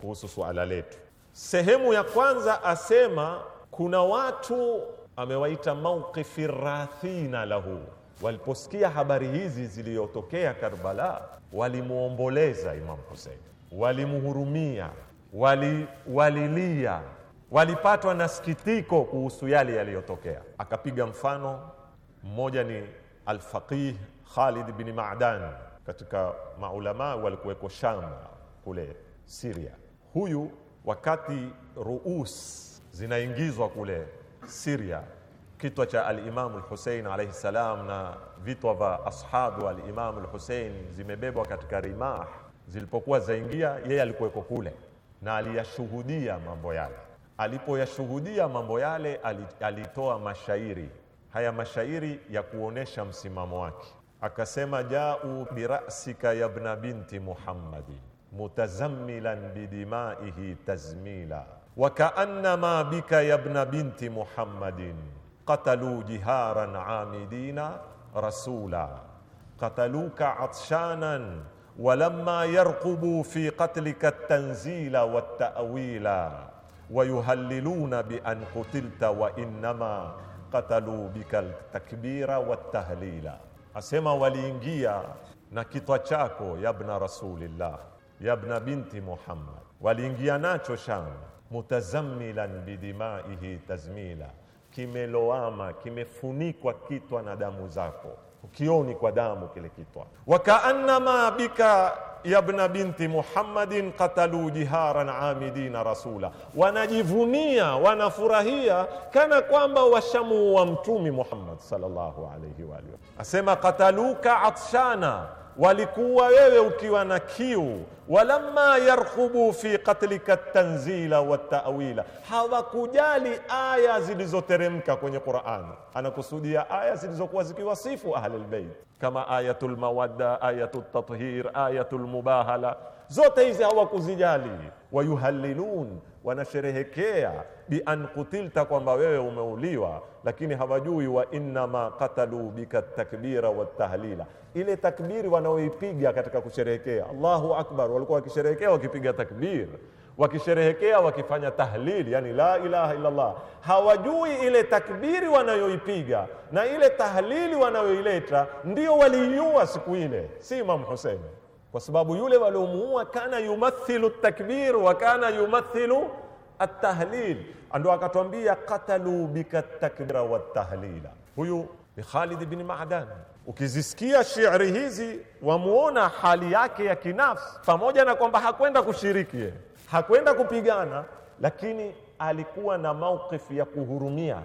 kuhusu suala letu. Sehemu ya kwanza asema kuna watu amewaita mauqifi rathina lahu, waliposikia habari hizi ziliyotokea Karbala, walimwomboleza Imam Husein walimhurumia, wali, walilia, walipatwa na sikitiko kuhusu yale yaliyotokea. Akapiga mfano mmoja ni Alfaqih Khalid bin Ma'dan katika maulama walikuweko Sham kule siria Huyu wakati ruus zinaingizwa kule siria kitwa cha alimamu lhusein alaihi salam na vitwa vya ashabu alimamu lhusein zimebebwa katika rimah zilipokuwa zaingia, yeye alikuweko kule na aliyashuhudia mambo yale. Alipoyashuhudia mambo yale, alitoa mashairi haya, mashairi ya kuonesha msimamo wake. Akasema, jau birasika ya bna binti Muhammadi mutazammilan bidimaihi tazmila wa kaannama bika ya bna binti Muhammadin qataluu jiharan amidina rasula qataluka atshanan walamma yarqubu fi qatlika at-tanzila wat-ta'wila wayuhalliluna bi an qutilta wa innama qatalu bika takbira watahlila, asema waliingia na kitwa chako yabna rasulillah yabna binti Muhammad, waliingia nacho Sham mutazammilan bidimaihi tazmila, kimeloama kimefunikwa kitwa na damu zako ukioni kwa damu kile kitwa. Wakaannama bika yabna binti Muhammadin qatalu jiharan amidina rasula, wanajivunia wanafurahia kana kwamba washamuua Mtumi Muhammad sallallahu alayhi wa alihi. Asema qataluka atshana walikuwa wewe ukiwa na kiu walamma yarkhubu fi qatlika tanzila wa ta'wila, hawakujali aya zilizoteremka kwenye Qur'an. Anakusudia aya zilizokuwa zikiwasifu ahlul bait kama ayatul mawadda, ayatul tathhir, ayatul mubahala, zote hizi hawakuzijali. Wayuhallilun wanasherehekea bian kutilta, kwamba wewe umeuliwa, lakini hawajui wa innama qatalu bika takbira wa tahlila. Ile takbiri wanaoipiga katika kusherehekea Allahu akbar, walikuwa wakisherehekea wakipiga takbir, wakisherehekea wakifanya tahlili, yani la ilaha illa Allah. Hawajui ile takbiri wanayoipiga na ile tahlili wanayoileta ndio waliiua siku ile, si Imam Hussein kwa sababu yule waliomuua kana yumathilu takbir wa kana yumathilu atahlil, ndo akatwambia katalu bika takbira watahlila. Huyu ni Khalid bin Ma'dan. Ukizisikia shiiri hizi wamuona hali yake ya kinafsi, pamoja na kwamba hakwenda kushiriki, hakwenda kupigana, lakini alikuwa na maukifu ya kuhurumia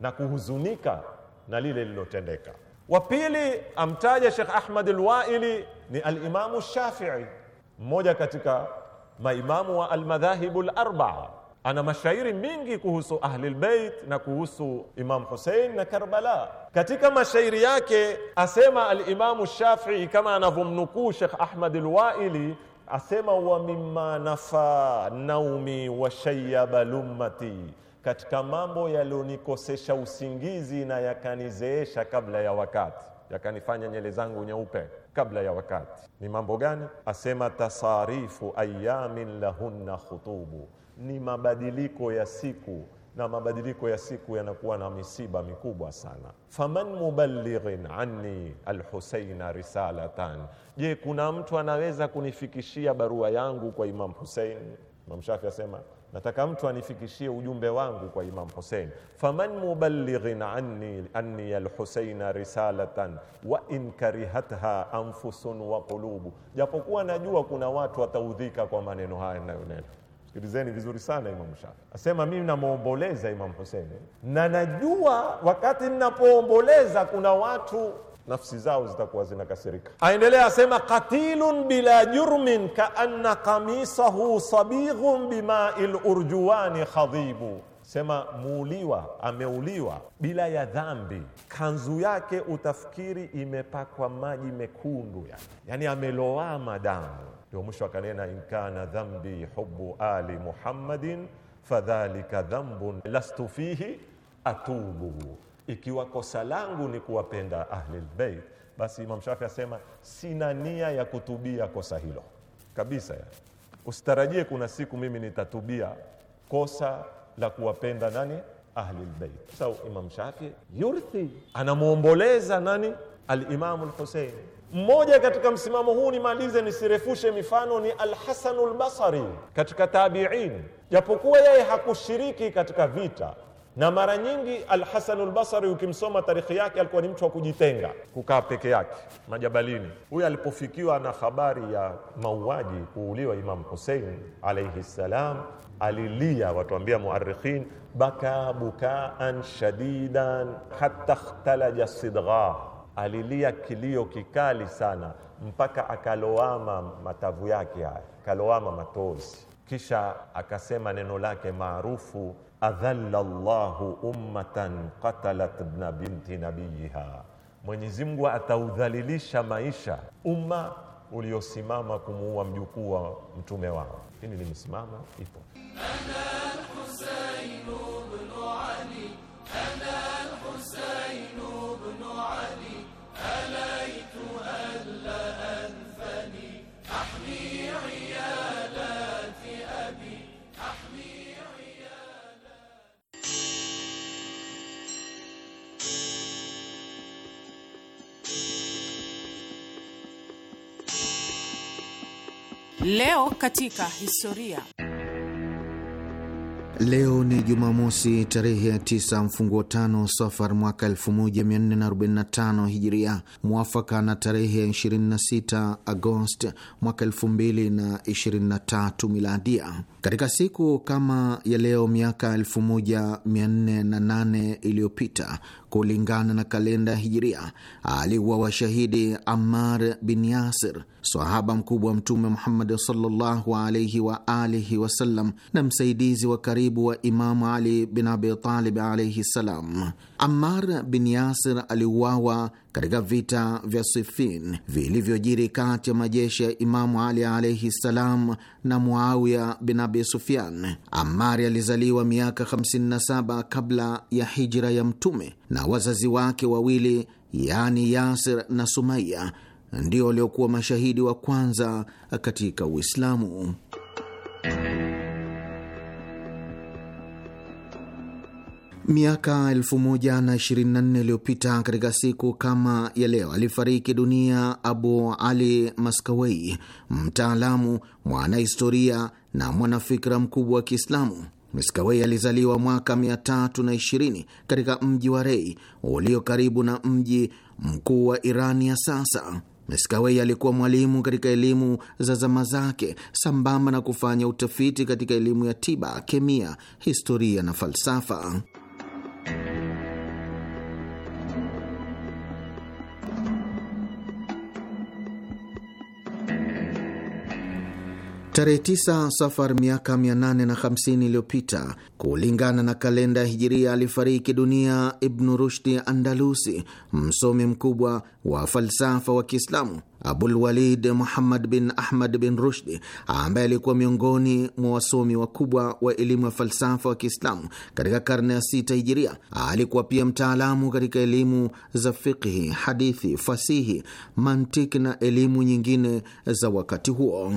na kuhuzunika na lile lilotendeka wa pili amtaja Sheikh Ahmad al-Waili ni al-Imamu Shafi'i, mmoja katika maimamu wa almadhahibu al-arba'a. Ana mashairi mingi kuhusu ahlil bait na kuhusu Imam Hussein na Karbala. Katika mashairi yake asema al-Imamu Shafi'i kama anavyomnukuu Sheikh Ahmad al-Waili asema, wa mimma nafa naumi wa shayyaba lummati katika mambo yaliyonikosesha usingizi na yakanizeesha kabla ya wakati, yakanifanya nyele zangu nyeupe kabla ya wakati. Ni mambo gani? Asema tasarifu ayamin lahunna khutubu, ni mabadiliko ya siku na mabadiliko ya siku yanakuwa na misiba mikubwa sana. faman muballighin anni alhuseina risalatan, je, kuna mtu anaweza kunifikishia barua yangu kwa Imam Husein? Imam Shafi asema nataka mtu anifikishie ujumbe wangu kwa Imam Hussein, faman muballighin anni anni alhusaina risalatan wa in karihatha anfusun wa qulubu, japokuwa najua kuna watu wataudhika kwa maneno haya ninayonena. Sikilizeni vizuri sana, Imam Shafi asema mimi namwomboleza Imam Hussein, na najua wakati ninapoomboleza kuna watu nafsi zao zitakuwa zinakasirika. Aendelea asema, katilun bila jurmin kaanna kamisahu sabighun bimai urjuwani khadhibu Sema muuliwa ameuliwa bila ya dhambi, kanzu yake utafikiri imepakwa maji mekundu, yani yani amelowama damu. Ndio mwisho akanena, inkana dhambi hubu ali muhammadin fadhalika dhambun lastu fihi atubuhu ikiwa kosa langu ni kuwapenda ahlilbeit basi Imam Shafi asema sina nia ya kutubia kosa hilo kabisa. Ya. Usitarajie kuna siku mimi nitatubia kosa la kuwapenda nani ahlilbeit bait. so, Imam Shafi yurthi anamwomboleza nani alimamu lhusein Mmoja katika msimamo huu, nimalize nisirefushe mifano, ni al lbasari katika tabi'in, japokuwa yeye hakushiriki katika vita na mara nyingi Alhasan Albasari ukimsoma tarikhi yake, alikuwa ni mtu wa kujitenga, kukaa peke yake majabalini. Huyu alipofikiwa na habari ya mauaji, kuuliwa imam Husein alaihi ssalam, alilia, watuambia muarikhin, baka bukaan shadidan hatta khtalaja sidgha, alilia kilio kikali sana mpaka akaloama matavu yake haya, akaloama matozi, kisha akasema neno lake maarufu adhalla llahu ummatan qatalat ibna binti nabiyiha, Mwenyezi Mungu ataudhalilisha maisha umma uliosimama kumuua mjukuu wa mtume wao. Hili ni ipo Leo katika historia. Leo ni Jumamosi, tarehe ya 9 mfunguo tano Safar mwaka 1445 Hijiria, mwafaka na tarehe ya 26 agost mwaka 2023 Miladia. Katika siku kama ya leo miaka 1408 iliyopita kulingana na kalenda Hijiria, aliuawa shahidi Ammar bin Yasir, sahaba mkubwa wa Mtume Muhammad sallallahu alaihi wa alihi wasallam na msaidizi wa karibu wa Imamu Ali bin Abi Talib alaihi salam. Ammar bin Yasir aliuawa katika vita vya Sifin vilivyojiri kati ya majeshi ya Imamu Ali alaihi ssalam na Muawiya bin Abi Sufian. Amari alizaliwa miaka 57 kabla ya hijra ya Mtume, na wazazi wake wawili yaani Yasir na Sumaya ndio waliokuwa mashahidi wa kwanza katika Uislamu. Miaka 1024 iliyopita katika siku kama ya leo alifariki dunia Abu Ali Maskawei, mtaalamu, mwanahistoria na mwanafikra mkubwa wa Kiislamu. Miskawei alizaliwa mwaka 320 katika mji wa Rei ulio karibu na mji mkuu wa Irani ya sasa. Miskawei alikuwa mwalimu katika elimu za zama zake, sambamba na kufanya utafiti katika elimu ya tiba, kemia, historia na falsafa. thank you Tarehe 9 Safar miaka 850 iliyopita kulingana na kalenda ya Hijiria alifariki dunia Ibnu Rushdi Andalusi, msomi mkubwa wa falsafa wa Kiislamu. Abulwalid Muhammad bin Ahmad bin Rushdi, ambaye alikuwa miongoni mwa wasomi wakubwa wa elimu ya falsafa wa Kiislamu katika karne ya sita Hijiria, alikuwa pia mtaalamu katika elimu za fiqhi, hadithi, fasihi, mantiki na elimu nyingine za wakati huo.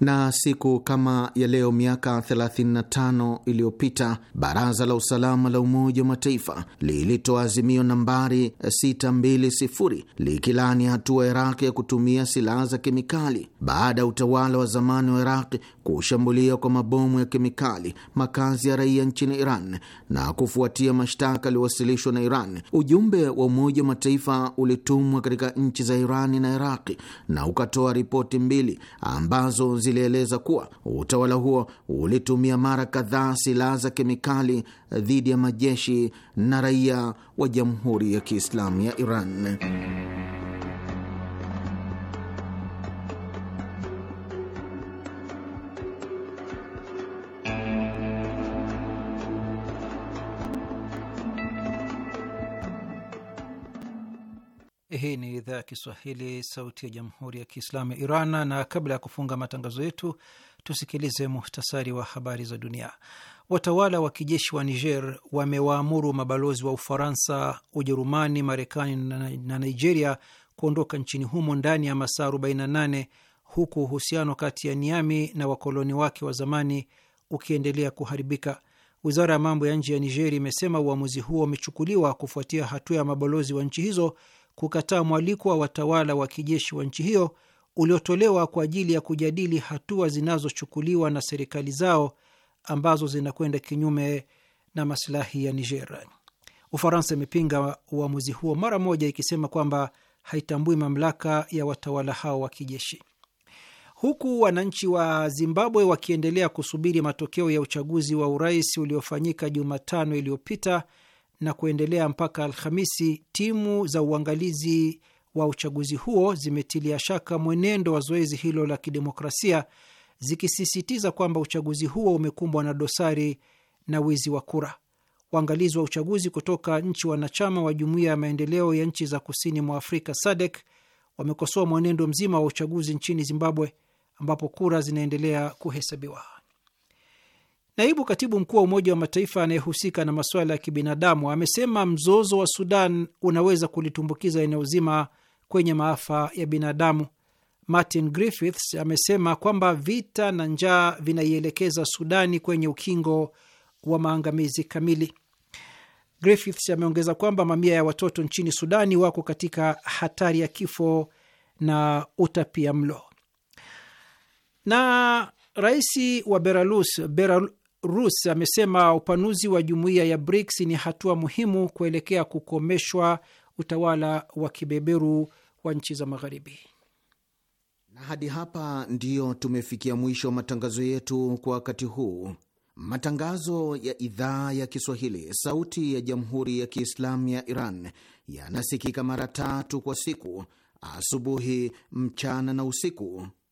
Na siku kama ya leo miaka 35 iliyopita baraza la usalama la Umoja wa Mataifa lilitoa azimio nambari 620 likilani hatua iraqi Iraq ya kutumia silaha za kemikali baada ya utawala wa zamani wa Iraq kushambulia kwa mabomu ya kemikali makazi ya raia nchini Iran. Na kufuatia mashtaka yaliyowasilishwa na Iran, ujumbe wa Umoja wa Mataifa ulitumwa katika nchi za Irani na Iraqi na ukatoa ripoti mbili ambazo zilieleza kuwa utawala huo ulitumia mara kadhaa silaha za kemikali dhidi ya majeshi na raia wa Jamhuri ya Kiislamu ya Iran. Hii ni idhaa ya Kiswahili, sauti ya jamhuri ya kiislamu ya Iran. Na kabla ya kufunga matangazo yetu, tusikilize muhtasari wa habari za dunia. Watawala wa kijeshi wa Niger wamewaamuru mabalozi wa Ufaransa, Ujerumani, Marekani na Nigeria kuondoka nchini humo ndani ya masaa 48 huku uhusiano kati ya Niami na wakoloni wake wa zamani ukiendelea kuharibika. Wizara ya mambo ya nje ya Niger imesema uamuzi huo umechukuliwa kufuatia hatua ya mabalozi wa nchi hizo kukataa mwaliko wa watawala wa kijeshi wa nchi hiyo uliotolewa kwa ajili ya kujadili hatua zinazochukuliwa na serikali zao ambazo zinakwenda kinyume na masilahi ya Niger. Ufaransa imepinga uamuzi huo mara moja, ikisema kwamba haitambui mamlaka ya watawala hao wa kijeshi. Huku wananchi wa Zimbabwe wakiendelea kusubiri matokeo ya uchaguzi wa urais uliofanyika Jumatano iliyopita na kuendelea mpaka Alhamisi, timu za uangalizi wa uchaguzi huo zimetilia shaka mwenendo wa zoezi hilo la kidemokrasia, zikisisitiza kwamba uchaguzi huo umekumbwa na dosari na wizi wa kura. Waangalizi wa uchaguzi kutoka nchi wanachama wa Jumuiya ya Maendeleo ya Nchi za Kusini mwa Afrika SADC wamekosoa mwenendo mzima wa uchaguzi nchini Zimbabwe ambapo kura zinaendelea kuhesabiwa. Naibu katibu mkuu wa Umoja wa Mataifa anayehusika na masuala ya kibinadamu amesema mzozo wa Sudan unaweza kulitumbukiza eneo zima kwenye maafa ya binadamu. Martin Griffiths amesema kwamba vita na njaa vinaielekeza Sudani kwenye ukingo wa maangamizi kamili. Griffiths ameongeza kwamba mamia ya watoto nchini Sudani wako katika hatari ya kifo na utapia mlo. Na rais wa Belarus, Rus amesema upanuzi wa jumuiya ya BRICS ni hatua muhimu kuelekea kukomeshwa utawala wa kibeberu wa nchi za Magharibi. Na hadi hapa ndiyo tumefikia mwisho wa matangazo yetu kwa wakati huu. Matangazo ya idhaa ya Kiswahili, sauti ya jamhuri ya kiislamu ya Iran yanasikika mara tatu kwa siku: asubuhi, mchana na usiku.